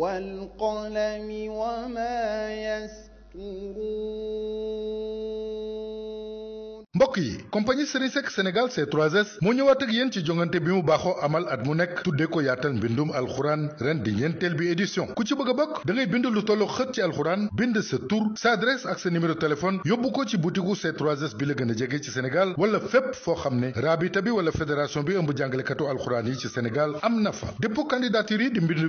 والقلم وما يسطرون yi compagnie Serigne Seck Sénégal C3S moo ñëwaat ak yéen ci jongante bi mu baaxoo amal at mu nekk tuddee ko yaatal mbindum alxuraan ren di ñeenteel bi édition ku ci bëgg a bokk da bind lu tollu xët ci alxuraan bind sa tur sa adresse ak sa numéro téléphone yóbbu ko ci butiku c 3 bi la gën a jege ci Sénégal wala fépp foo xam ne raabita bi wala fédération bi ëmb jàngalekatu alxuraan yi ci Sénégal am na fa dépôt candidature yi di mbindu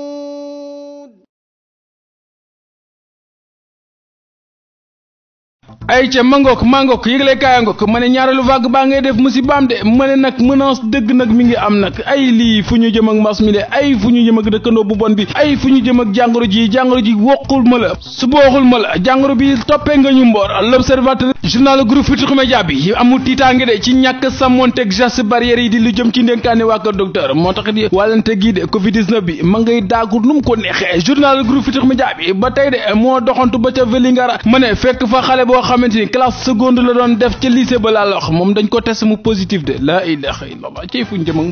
ay ca mangook mangook yëgle kaaya ngook ma ne ñaareelu vague baa ngay def musibaam de ma ne nag menace dëgg nag mi ngi am nag ay lii fu ñu jëm ak mbas mi de ay fu ñu jëm ak dëkkandoo bu bon bi ay fu ñu jëm ak jàngoro ji jàngoro ji woqul ma la su booxul ma la jàngoro bi toppee nga ñu mboor l'observateur journal groupe Futurs Médias bi amul tiitaange de ci ñàkk sàmmoonteeg gestes barrières yi di lu jëm ci ndénkaane waa kër docteur moo tax di wàllante gii de covid bi ma ngay daagu nu mu ko neexee journal groupe Futurs Médias bi ba tey de moo doxantu ba ca Vélingara ma ne fekk fa xale boo xamante doon def ca lycée moom dañ ko test mu positif de laa ilaha illallah cey fuñ jëm ak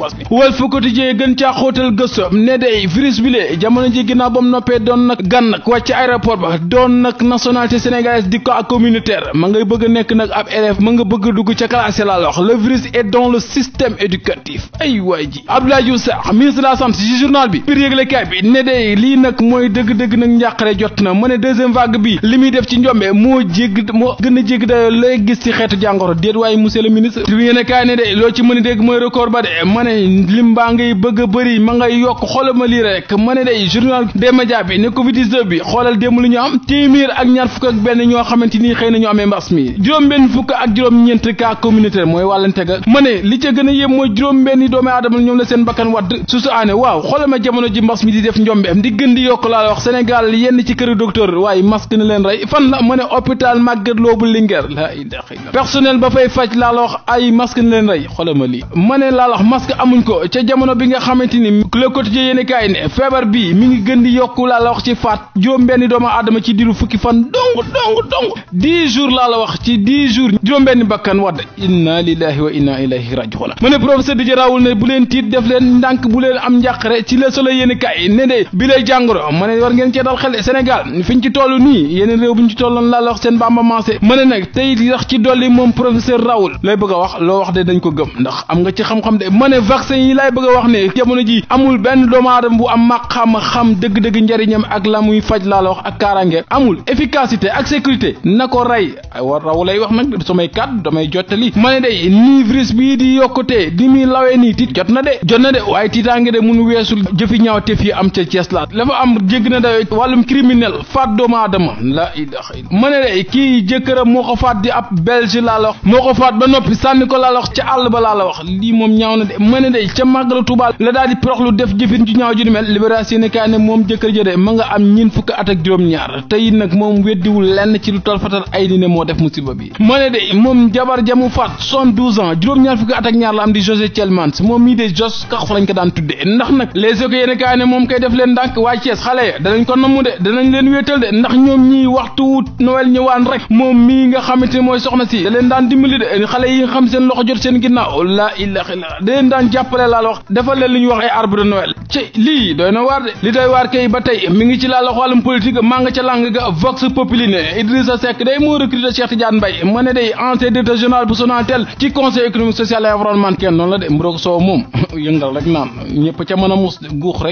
mbas mi doon nag gan nag wàcc aéroport ba doon nag nationalité sénégalaise di ko ak communautaire ma ngay bëgg nekk nag ab élève ma nga bëgg a dugg ca classe laa la wax le virus est dans le système éducatif ay waay ji Abdoulaye Diouf Sarr ministre de ci journal bi biir yëglekaay bi ne day lii nag mooy dëgg-dëgg nag njàqare jot na ma ne deuxième vague bi li muy def ci njombe moo jégg ko gën a jéggi dayoo lay gis ci xeetu jàngoro déet waaye monsieur ministre tribune yéen a kaay ne de loo ci mën a dégg mooy record ba de ma ne lim baa ngay bëgg bëri ma ngay yokk xoolal ma lii rek ma ne de journal des bi ne covid 19 bi xoolal démb lu ñu am téeméer ak ñaar fukk ak benn ñoo xamante ni xëy na ñu amee mbas mi juróom-benn fukk ak juróom-ñeent cas communautaire mooy wàllante ga ma ne li ca gën a yëm mooy juróom-benn doomi aadama su su aane waaw xoolal ma jamono ji mbas mi di def njombeem di gën di yokk laa la wax Sénégal yenn ci këru docteur hôpitaux bu Linguère la ilaha illa personnel ba fay faj laa ay masque leen rey xoolal ma ne laa la wax masque amuñ ko ca jamono bi nga xamante ni le quotidien yéen ne feebar bi mi ngi gën di yokku laa la ci faat juróom-benn doomu aadama ci diiru fukki fan dong dong dong dix jours laa la wax ci dix jours juróom-benn bakkan wadd inna lillahi wa inna ilayhi rajiun ma ne professeur Didier Raoult ne bu leen tiit def leen ndànk bu leen am njàqare ci le soleil yéen kaay ne ma ne war avancé ma ne nag tey yax ci dolli moom professeur Raoul lay bëgg a wax loo wax dañ ko gëm ndax am nga ci xam-xam de ma ne vaccin yi laay bëgg a wax ne jamono ji amul benn doomu aadama bu am maqaam xam dëgg-dëgg njëriñam ak la muy faj laa la wax ak kaaraange amul efficacité ak sécurité na ko rey war raw lay wax nag samay kàddu damay jottali ma ne day nii virus bii di yokkutee di muy lawe nii tiit jot na de jot na de waaye tiitaange de mun weesul jëfi ñaaw te fii am ca Cees la dafa am jégg na dayoo wàllum criminel faat doomu aadama la ilaha illa jëkkëram moo ko faat di ab belge laa la wax moo ko faat ba noppi sànni ko laa la wax ca àll ba laa la wax lii moom ñaaw na de mën a day ca màggalu Tuubaa la daal di def jëfin ju ñaaw ju ni mel libération ne ne moom jëkkër ja de ma nga am ñeent fukk at ak juróom-ñaar tey nag moom weddiwul lenn ci lu tol fatal ay ni ne moo def musiba bi mën a day moom jabar ja faat soixante ans juróom-ñaar fukki at ak ñaar la am di José Thielmans moom mii moom mii nga xamante ne mooy soxna si da leen daan dimbali de xale yi nga xam seen loxo jot seen ginnaaw la ilaha illa da leen daan jàppale laa la wax defal leen li wax ay arbre de ci lii doy na waar de li doy waar kay ba tey mi ngi ci laa la xoolam politique maa nga ca làng ga Vox Populi ne Idrissa Seck day moo recruté Cheikh Tidiane Mbaye ma ne day ancien directeur général bu Sonatel ci conseil économique social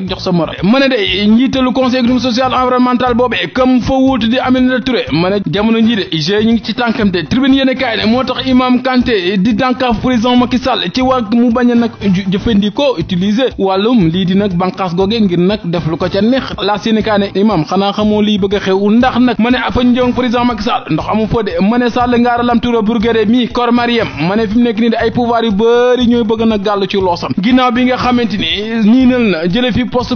jox sa mor ma ne day njiitalu conseil économique social environnemental boobee comme fa wuutu di Aminata Touré ma ne jamono ci tànkam de tribune yéen kaay ne moo tax imam Kanté di dànkaaf président Macky Sall ci wàll mu bañ a nag jëfandikoo utiliser wàllum lii dina nag banqaas googee ngir nag def lu ko ca neex laa sénikaa ne imam xanaa xamoo liy bëgg a xew ndax nag ma ne afanjong président Macky Sall ndox amu fa de ma ne Sall ngaara lam tura mi kor mariem ma ne nekk nii de ay pouvoir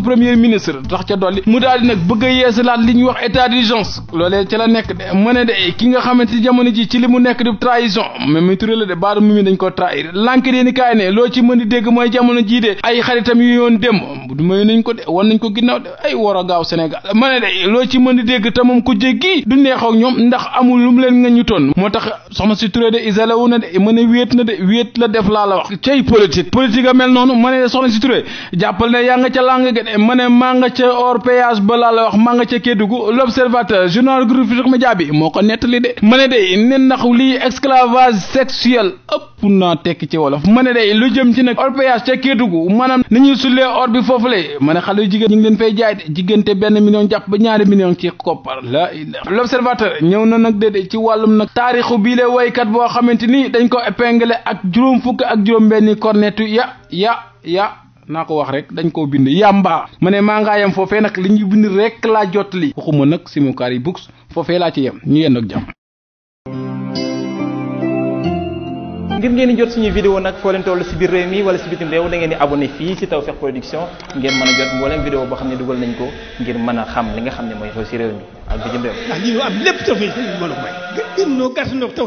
premier ministre tax ca dolli mu daal nag bëgg a yeesalaat li wax état d'urgence loolee ca la nekk de ma de ki nga xamante jamono ji ci li mu nekk di trahison mais muy turé la de baara mu mi dañ ko trahir lank dee du may nañ ko de wan nañ ko ginnaaw de ay war a gaaw Sénégal ma ne de loo ci mën di dégg te moom ku jéggi ñoom ndax amul lu mu leen nga moo tax soxna si Touré de isalawu na de ma ne wéet na de wéet la def laa la wax cay politique a ma ne soxna si Touré jàppal ne yaa ca làng ma ne maa nga ca hors péage ba la wax maa nga ca Kédougou l'observateur journal groupe Futurs Médias ko nettali de ma ne de ne ndax lii esclavage sexuel ëpp naa tekki ci ma ne de lu jëm ci nag hors péage ca Kédougou maanaam nañuy sullee or bi foofule ma ne xale jigéen ñu ngi leen fay jaay de benn million jàpp ba ñaari million ci koppar la l'observateur ñëw na nag déedéet ci wàllum nag taarixu bii la boo xamante ni dañ ko épinglé ak juróom fukk ak juróom benni cornetu ya ya ya naa ko wax rek dañ koo bind yàmbaa ma ne maa ngaa yem foofee nag li ñuy bind rek laa jot li waxuma nag simukaar yi books foofee laa ci yem ñu yenn ak jàmm ngir ngeen di jot suñu vidéo nag foo leen toll si biir réew mi wala si bitim réew da ngeen di abonné fii si Tawfekh Production ngeen mën a jot mboolem vidéo boo xam ne dugal nañ ko ngir mën a xam li nga xam ne mooy xew si réew mi ak bitim réew. ndax lii ñu am lépp tawfeex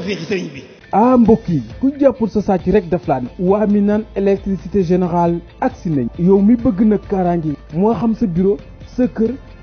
sëriñ sëriñ bi. ah mbokk yi ku jàppul sa sàcc rek daf laa ne. waa mi naan général générale si nañ. yow mi bëgg nag kaaraange moo xam sa bureau sa kër